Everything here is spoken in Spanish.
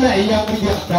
espalda, ella muy